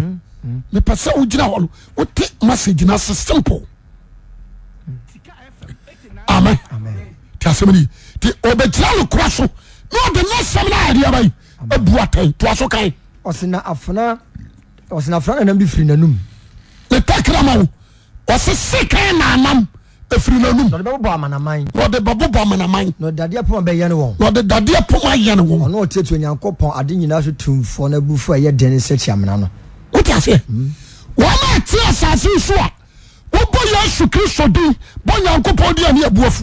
ps woinotmase ginase simple as nti ɔbɛgyina no kora so na ɔde ne sɛm no adeɛ bayi abu atɛn toa so kan ɔsena afena ɔsena afena nanam bi firi n'anum ne takra ma wo ɔse se kan nanam ɛfiri n'anum na ɔde bɛbobɔ amanaman na ɔde bɛbobɔ amanaman na ɔde dadeɛ poma bɛyɛ ne wɔn na ɔde dadeɛ poma yɛ ne wɔn ɔno ɔtiatua nyankopɔn ade nyinaa so tumfoɔ no abufoɔ ɛyɛ den sɛ kyiamena no wote aseɛ hmm. wɔn a ɛte asase so a wobɔ yesu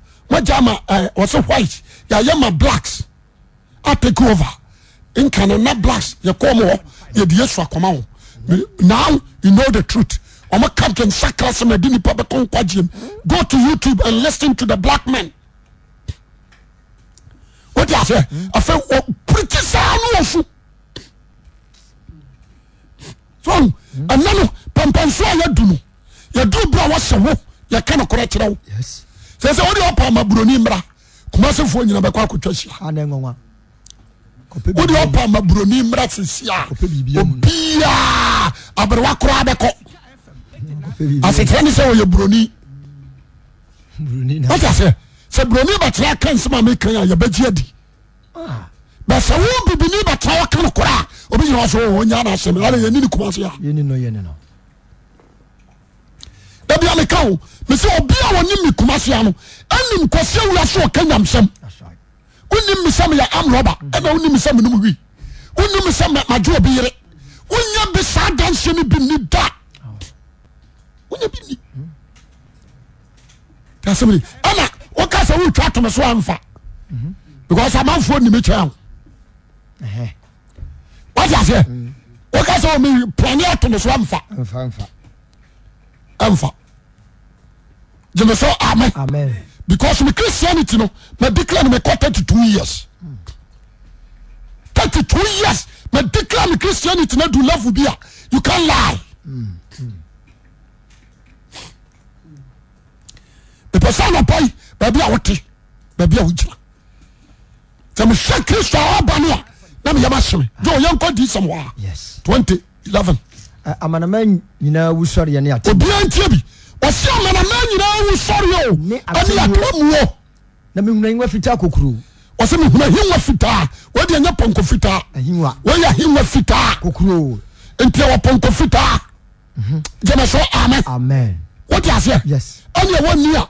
wagya ma eh, wɔsɛ white yɛayɛ ma blacks atake over nkane na blacks yɛkɔɔ mu hɔ yɛde yesu akɔma now you know the truth ɔmo captain sakra sɛ ma de nipa bɛkɔ nkwagyeɛ mu go to youtube and listen to the black men wode asɛ afei wɔpirikyi saa no wɔ so so ɛna no pampansoɔ a yɛadu no yɛduru ya a wɔhyɛ wo yɛka no korɛ kyerɛ wo yes. ssɛ wodi opama broni mmra kumasefoɔ yina bɛkɔ akotwasiawodi pa ma broni mmra sesiabia abrwa kra bkoastɛn sɛ oyɛ broni sburoni baterawke sema me kena yɛbeiadi bswo bibini btrawk k yynin kmasea obiamekao mesɛ obia wonyemekomasoano anim kasea awura so oka yamsam onimesɛmyɛ amroba nber ysansɛno binni daaswa tmso mfabasmafonapsmm so am because me christianity no medecla meco t3r t years try t years me decla me christianity no du lovee ou an l epesoa babiwote woira mese cristo bane nameyemseme yndsememnma yina wosrent osimanama yinawu sɔreoaneakramuo sɛ e n fia yamso wotsɛ newana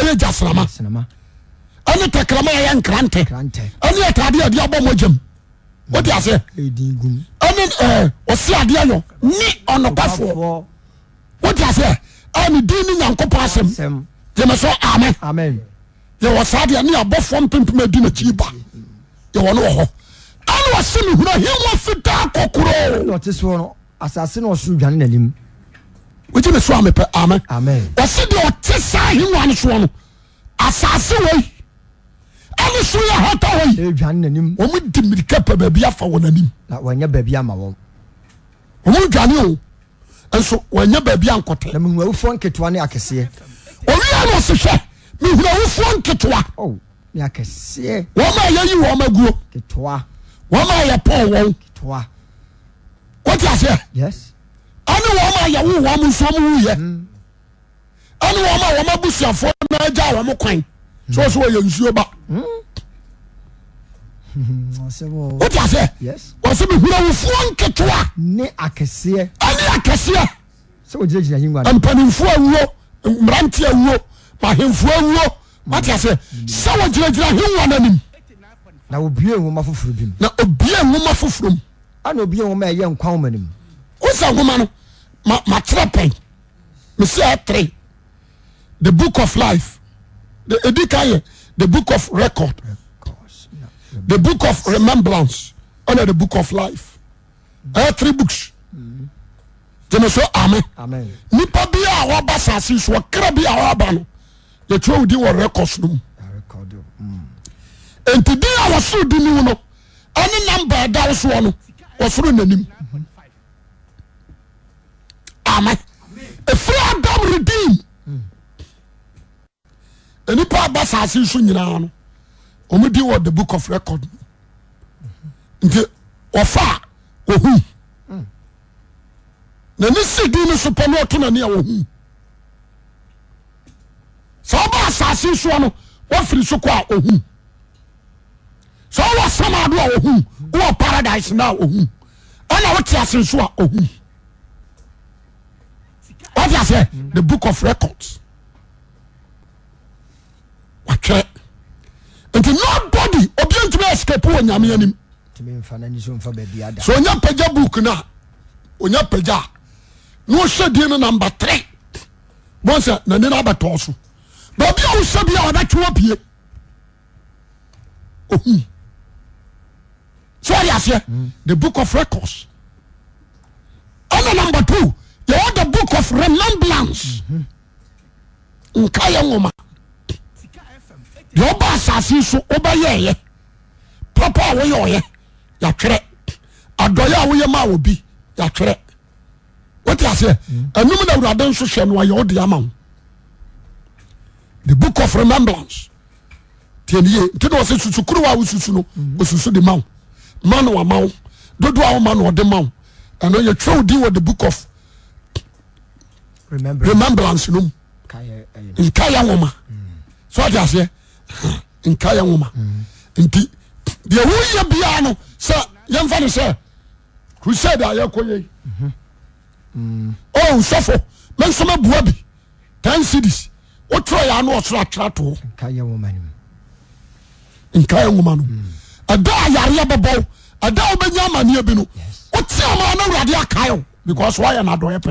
yɛa sraa ntkramaayɛ nrant nɛtaɔa ɛsidy ne mhm. ɔnokafɔ mm. eh, wosɛ ane din ne nyankopɔn asɛm yɛmɛ sɛ amen yɛwɔ saa deɛ ne yɛabɔfoɔ mpempem adi nakyi ba yɛwɔ ne wɔ hɔ ane ɔse ne hunu ahengua fitaa kɔkoroo asase na ɔsoro dwane n'anim wogye me so amepɛ amen ɔse deɛ ɔte saa ahengua no soɔ no asase wei ɛne so yɛ hɔta wei dwane n'anim ɔmo di mmirika pɛ baabi afa wɔ n'anim na wɔnyɛ baabi ama wɔn ɔmo dwane o nso wanya baabi ankɔte. na mihun awufoɔ nketewa ne akɛseɛ. owia na ɔsehwɛ mihun awufoɔ nketewa. ne akɛseɛ. wɔn a yɛyi wɔn aguo. ketewa. wɔn a yɛpɔn wɔn. ketewa. wɔte aseɛ. yes. ɛne wɔn a yɛwo wɔn nso wɔn wuyɛ. Mm. ɛne wɔn a wɔn abusuafoɔ na agya wɔn kwan. Mm. sɛ ɔsɛ wɔyɛ nsuo ba. Mm. Mm, wote ase wɔsɛ mehura wofuo nketewa ne akɛseɛ ɛne akɛseɛ sɛ wɔgyinagyina yingwa mpanimfoɔ awuo mmerante awuo mahemfoɔ awuo wote ase sɛ wɔgyinagyina hengwa no anim na obie nwoma foforɔ bi mu na obie nwoma foforɔ mu ana obie nwoma ɛyɛ nkwa nwoma no mu wosa nwoma no makyerɛ pɛn mesɛ ɛtere the book of life ɛdi ka yɛ the book of record, record. the book of remembrance ana the book of life atry books ge na so ame nnipa bia wɔba sase so ɔkra bi a ɔaba no yɛtwerɛwodi wɔ records no mu entidii mm. a wɔsoro di nomu no ɛne nam baadaw soɔ no wɔsoro 'anim ame firiadom redeem mm. nipa aba sase so nyinaa no ɔmo di wɔ the book of record nti ɔfa ohun na ne si di ne so pɔ ne ɔto na ne a ohun sɛ ɔba asase soɔ no wɔfiri so kɔ a ohun sɛ ɔwɔ samado a ohun wɔ paradise na ohun ɛna wote ase nso a ohun ɔte ase the book of records watwɛ. nobody oa ntii ɛsikapowa nyame anisonya paya book no ya pagya na ɔhyɛ di no numbe tre bs nane n bɛtɔso baabia wosabia wabɛtwe wa pieoreasɛ the book of ers numb t yhe book of eeranceayɛo mhm. deɛ ɔba asase so wobɛyɛ ɛyɛ papa a woyɛ ɔyɛ yɛtwerɛ adɔyɛ a woyɛ ma obi yɛtwerɛ wote aseɛ ɛnum na awurade nso hwɛ no ayɛ wode ama wo the book of remembrance tiɛniye nti na ɔsɛ susukuruwa a wosusu no osusu de ma wo ma no ama wo dodoɔ a woma no ɔde ma wo ɛno yɛtwerɛ wo din wɔ the book of remembrance no mu nka yɛ nwoma so wote aseɛ nka yɛ woma nti deɛ wo yɛ biaa no sɛ yɛmfa no sɛ crusade ayɛ kɔ yɛi osɛfo mm. mɛnsoma boa bi ten sidies wotwerɛ yɛa no ɔsoro atyera too nka yɛ woma no mm. ɛda ayareɛ bɛbɔ ɛdaa wobɛnya amannea bi no woteamaa na awurade akao because waayɛ no adɔyɛ pɛ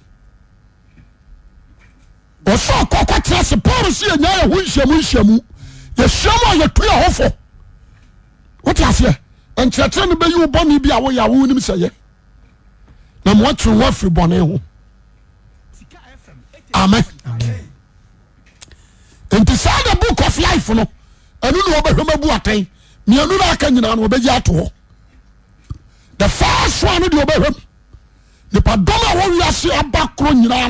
sɛkɔkeɛ sɛpor sɛ ayaho a a aa aho ɛɛae book fiyia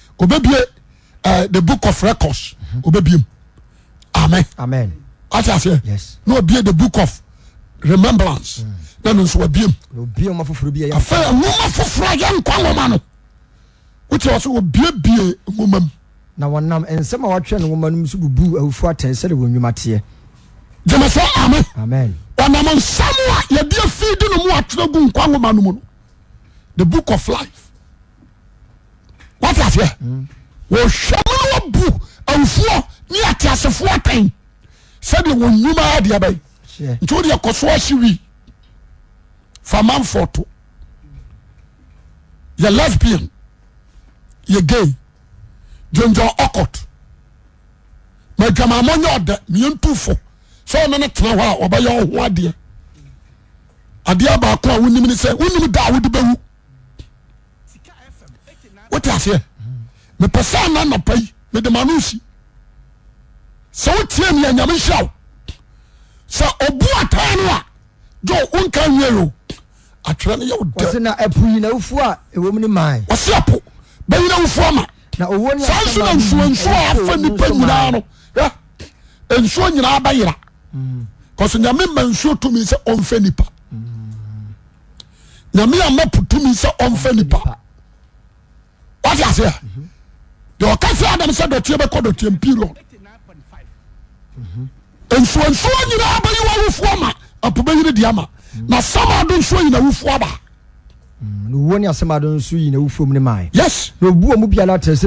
obɛbie eh, the book of records obɛbimu mtseɛ na bi the book of remembrancema foforɔyɛ kaomao wot so obiebie ma emasɛ ame ɔnam nsama yabi fido no moatora bu nkwaoma nou the book of life wotafea wɔhwɛm no wabu awfuɔ ne ɛtiasefoɔ ta sɛdeɛ wonwuma adeɛbai ntiwodekɔsoahye wi famanfoto yɛ lesbian yɛ ga yonyon oco madwamaamɔnyɛ ɔda meanto fo sɛ ono no tena hɔ a ɔbɛyɛ oho adeɛ adeɛ baako a woni sɛ woni da wode woti aseɛ mepɛ sa nanapa yi mede manosi sɛ wotiɛ mia nyame hyawo sɛ ɔbo ataa no a jo wonka wiaro atweɛ no yɛ ɔseapo bɛyina wfuɔ ma saa so na nsunsuo fa nnipa nyinaa no nsu nyinaa bɛyera nyame ma nsu sɛ ɔfa nnip nyame amapo tsɛ ɔmfa nnipa watasea de okase adam se dotie beko dotiampilo nsuo nsu yina beyiwa wufuo ma apo beyeni diama na samado nsuo yina wufuo abawoni asemado nso yinfmnmyesbmbeobobia te